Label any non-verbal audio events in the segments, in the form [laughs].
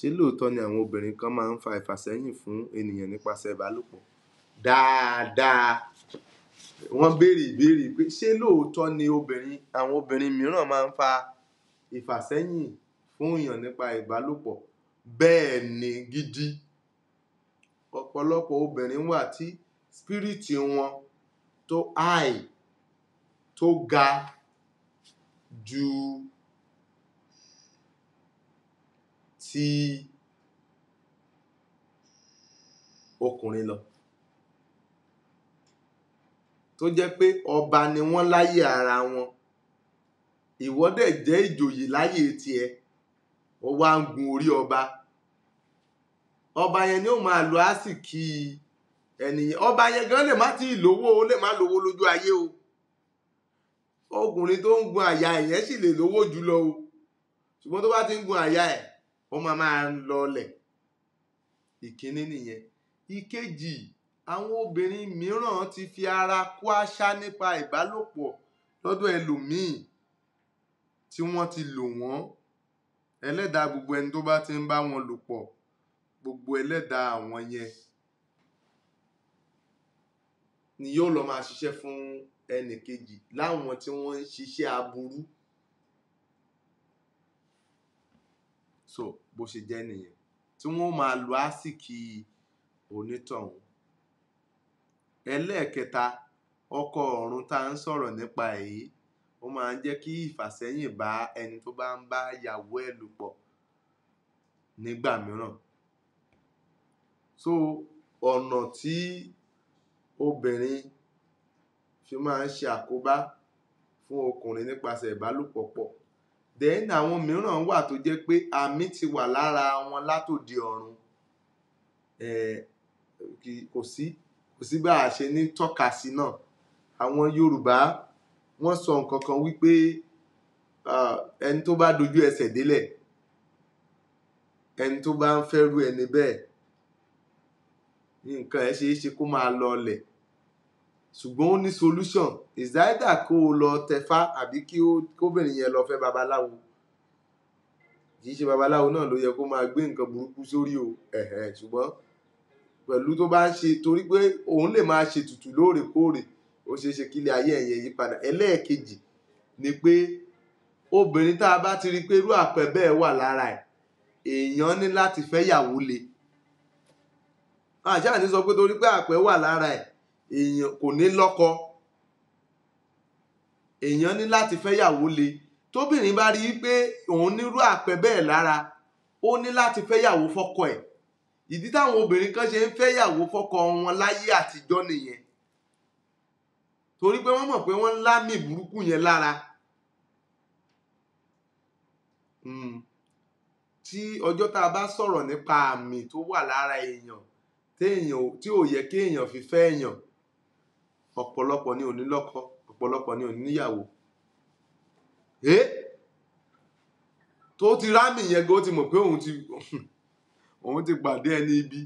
ṣé lóòótọ́ ni àwọn obìnrin kan máa ń fa ìfàsẹ́yìn fún ènìyàn nípasẹ̀ ìbálòpọ̀ dáadáa wọ́n béèrè ìbéèrè pé ṣé lóòótọ́ ni obìnrin àwọn obìnrin mìíràn máa ń fa ìfàsẹ́yìn fún èèyàn nípa ìbálòpọ̀ bẹ́ẹ̀ ni gidi ọ̀pọ̀lọpọ̀ obìnrin wà tí spiriti wọn tó high tó ga ju tí ọkùnrin lọ tó jẹ́ pé ọba ni wọ́n láyé ara wọn ìwọ dẹ̀ jẹ́ ìjòyè láyé tiẹ̀ ó wá ń gun orí ọba ọba yẹn ni ó máa lo àsìkí ẹnìyẹn ọba yẹn gan lè má ti lówó ó lè má lówó lójú ayé o ọkùnrin tó ń gun àyà ẹ̀yẹn sì lè lówó jùlọ o ṣùgbọ́n tó bá ti ń gun àyà ẹ̀ ó máa máa lọlẹ̀ ìkíní nìyẹn ìkejì àwọn obìnrin mìíràn ti fi ara kó àṣà nípa ìbálòpọ̀ lọ́dọ̀ ẹlòmíì tí wọ́n ti lò wọ́n ẹlẹ́dàá gbogbo ẹni tó bá ti ń bá wọn lò pọ̀ gbogbo ẹlẹ́dàá àwọn yẹn ni yóò lọ máa ṣiṣẹ́ fún ẹnì kejì láwọn tí wọ́n ń ṣiṣẹ́ aburú. so bó ṣe jẹ́ nìyẹn tí wọ́n máa lo àsìkí onítọ̀hún ẹlẹ́ẹ̀kẹta ọkọ̀ ọ̀run tá à ń sọ̀rọ̀ nípa èyí ó máa ń jẹ́ kí ìfàsẹ́yìn bá ẹni tó bá ń bá ìyàwó ẹ̀ lò pọ̀ nígbà mìíràn so ọ̀nà tí obìnrin fi máa ń ṣe àkóbá fún ọkùnrin nípasẹ̀ ìbálòpọ̀ pọ̀ then àwọn mìíràn wà tó jẹ́ pé àmì ti wà lára wọn látòdì ọ̀run eh, kò sí kò sí bá a ṣe ní tọ́ka sí náà àwọn Yorùbá wọ́n sọ nǹkan kan wípé ẹni tó bá dojú ẹsẹ̀ délẹ̀ ẹni tó bá ń fẹ́ rú ẹni bẹ́ẹ̀ nǹkan ẹ̀ ṣeé ṣe kó máa lọ ọlẹ̀ ṣùgbọ́n ó ní solution is either kó o lọ tẹ̀fá àbí kí obìnrin yẹn lọ fẹ́ babaláwo kì í ṣe babaláwo náà ló yẹ kó máa gbé nǹkan burúkú sórí o ṣùgbọ́n pẹ̀lú tó bá ń ṣe torí pé òun lè máa ṣe tutù lóòrèkóòrè ó ṣeé ṣe kílẹ̀ ayé ẹ̀yẹ yí padà ẹlẹ́ẹ̀kejì ni pé obìnrin tá a bá ti rí i pé irú àpẹ bẹ́ẹ̀ wà lára ẹ̀ èèyàn ní láti fẹ́ yàwó le àṣà ní sọ pé torí pé àpẹ wà lára ẹ̀ èèyàn kò ní lọ́kọ èèyàn ní láti fẹ́yàwó le tóbìnrin bá rí i pé òun nírú àpẹ bẹ́ẹ̀ lára ó ní láti fẹ́yàwó fọ́kọ ẹ̀ ìdí táwọn obìnrin kan ṣe ń fẹ́yàwó fọ́kọ wọn láyé àtijọ́ nìyẹn torí pé wọ́n mọ̀ pé wọ́n ń lámì burúkú yẹn lára hmm. tí ọjọ́ tá a bá sọ̀rọ̀ nípa àmì tó wà lára èèyàn tí ò yẹ kí èèyàn fi fẹ́ èèyàn ọ̀pọ̀lọpọ̀ ni ò ní lọ́kọ ọ̀pọ̀lọpọ̀ ni ò ní níyàwó ẹ tó ti rámì yẹn gan ó ti mọ̀ pé òun ti [laughs] òun ti pàdé ẹni ibi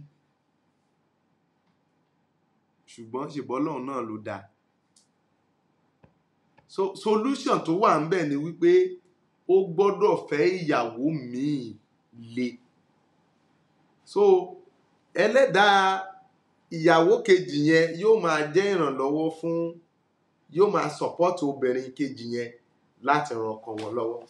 ṣùgbọ́n ṣèbọ́ lọ́hùn náà ló dáa so solution tó wà ń bẹ̀ ni wípé ó gbọ́dọ̀ fẹ́ ìyàwó míì le so ẹlẹ́dàá ìyàwó kejì yẹn yóò máa jẹ́ ìrànlọ́wọ́ fún yóò máa support obìnrin kejì yẹn láti ran ọkọ wọn lọ́wọ́